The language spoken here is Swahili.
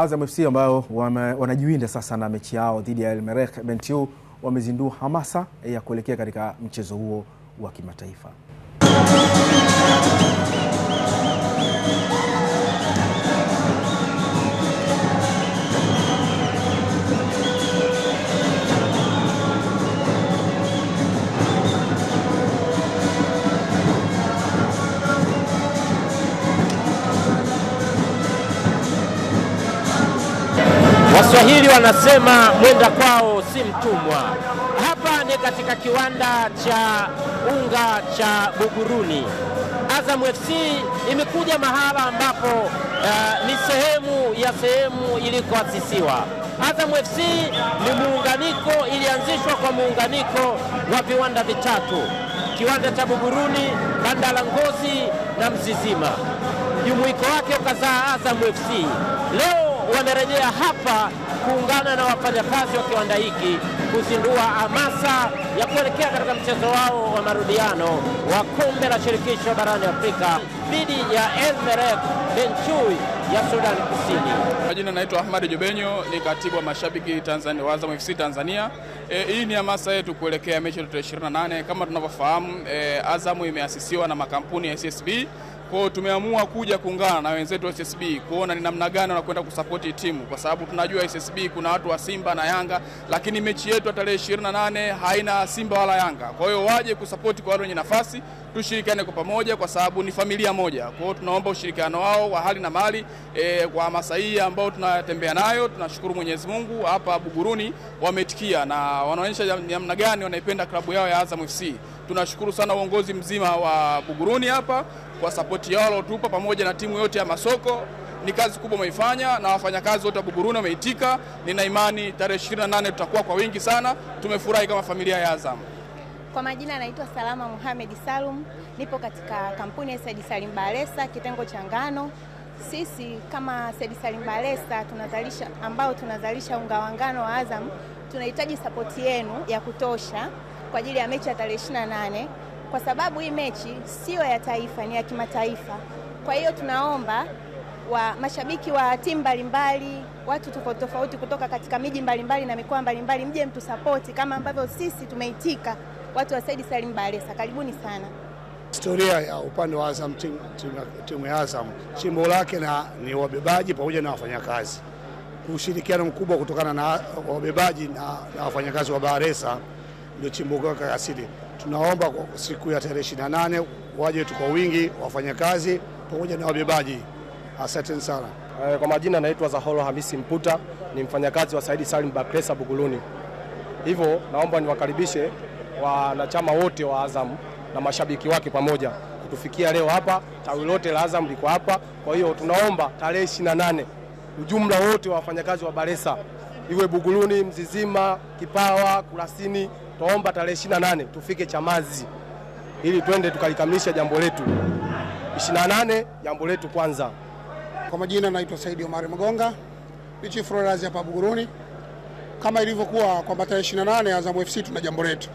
Azam FC ambao wanajiwinda sasa na mechi yao dhidi ya Elmerek Bentiu wamezindua hamasa ya kuelekea katika mchezo huo wa kimataifa. Waswahili wanasema mwenda kwao si mtumwa. Hapa ni katika kiwanda cha unga cha Buguruni. Azam FC imekuja mahala ambapo uh, ni sehemu ya sehemu ilikoasisiwa. Azam FC ni muunganiko, ilianzishwa kwa muunganiko wa viwanda vitatu, kiwanda cha Buguruni, banda la Ngozi na Mzizima. Jumuiko wake ukazaa Azam FC leo wamerejea hapa kuungana na wafanyakazi wa kiwanda hiki kuzindua hamasa ya kuelekea katika mchezo wao wa marudiano wa kombe la shirikisho barani Afrika dhidi ya Elmerek Benchui ya sudani Kusini. Majina naitwa Ahmad Jobenyo, ni katibu wa mashabiki Tanzania wa Azam FC Tanzania. E, hii ni hamasa yetu kuelekea mechi ya 28. Kama tunavyofahamu, e, Azamu imeasisiwa na makampuni ya SSB kwa hiyo tumeamua kuja kuungana na wenzetu wa SSB kuona ni namna gani wanakwenda kusapoti timu, kwa sababu tunajua SSB kuna watu wa Simba na Yanga, lakini mechi yetu ya tarehe 28 haina Simba wala Yanga. Kwa hiyo waje kusapoti kwa wale wenye nafasi tushirikiane kwa pamoja, kwa sababu ni familia moja. Kwa hiyo tunaomba ushirikiano wao wa hali na mali e, kwa hamasa hii ambayo tunatembea nayo. Tunashukuru Mwenyezi Mungu hapa Buguruni wametikia na wanaonyesha namna gani wanaipenda klabu yao ya Azam FC. Tunashukuru sana uongozi mzima wa Buguruni hapa kwa sapoti yao waliotupa pamoja na timu yote ya Masoko. Ni kazi kubwa wameifanya na wafanyakazi wote wa Buguruni wameitika. Nina imani tarehe 28 tutakuwa kwa wingi sana. Tumefurahi kama familia ya Azam. Kwa majina anaitwa Salama muhamedi Salum, nipo katika kampuni ya Said Salim Baresa kitengo cha ngano. Sisi kama Said Salim Baresa tunazalisha ambao tunazalisha unga wa ngano wa Azam, tunahitaji sapoti yenu ya kutosha kwa ajili ya mechi ya tarehe 28 kwa sababu hii mechi siyo ya taifa, ni ya kimataifa. Kwa hiyo tunaomba wa mashabiki wa timu mbalimbali, watu tofauti tofauti kutoka katika miji mbalimbali na mikoa mbalimbali, mje mtusapoti kama ambavyo sisi tumeitika watu wa Said Salim Bakhresa, karibuni sana. Historia ya upande wa Azam, timu ya Azam chimbo lake na ni wabebaji pamoja na wafanyakazi, ushirikiano mkubwa kutokana na wabebaji na, na wafanyakazi wa baresa ndio chimbuko lake asili. Tunaomba kwa siku ya tarehe nane waje tu kwa wingi wafanyakazi pamoja na wabebaji. Asanteni sana. Eh, kwa majina naitwa Zaholo Hamisi Mputa, ni mfanyakazi wa Said Salim Bakresa Buguruni. Hivyo naomba niwakaribishe wanachama wote wa Azam na mashabiki wake pamoja kutufikia leo hapa. Tawi lote la Azam liko hapa, kwa hiyo tunaomba tarehe ishirini na nane ujumla wote wa wafanyakazi wa Baresa iwe Buguruni, Mzizima, Kipawa, Kurasini, tunaomba tarehe ishirini na nane tufike Chamazi ili twende tukalikamilisha jambo letu. ishirini na nane jambo letu kwanza. Kwa majina naitwa Saidi Omari Mgonga ni chief hapa Buguruni. Kama ilivyokuwa kwamba tarehe 28 Azam FC tuna jambo letu.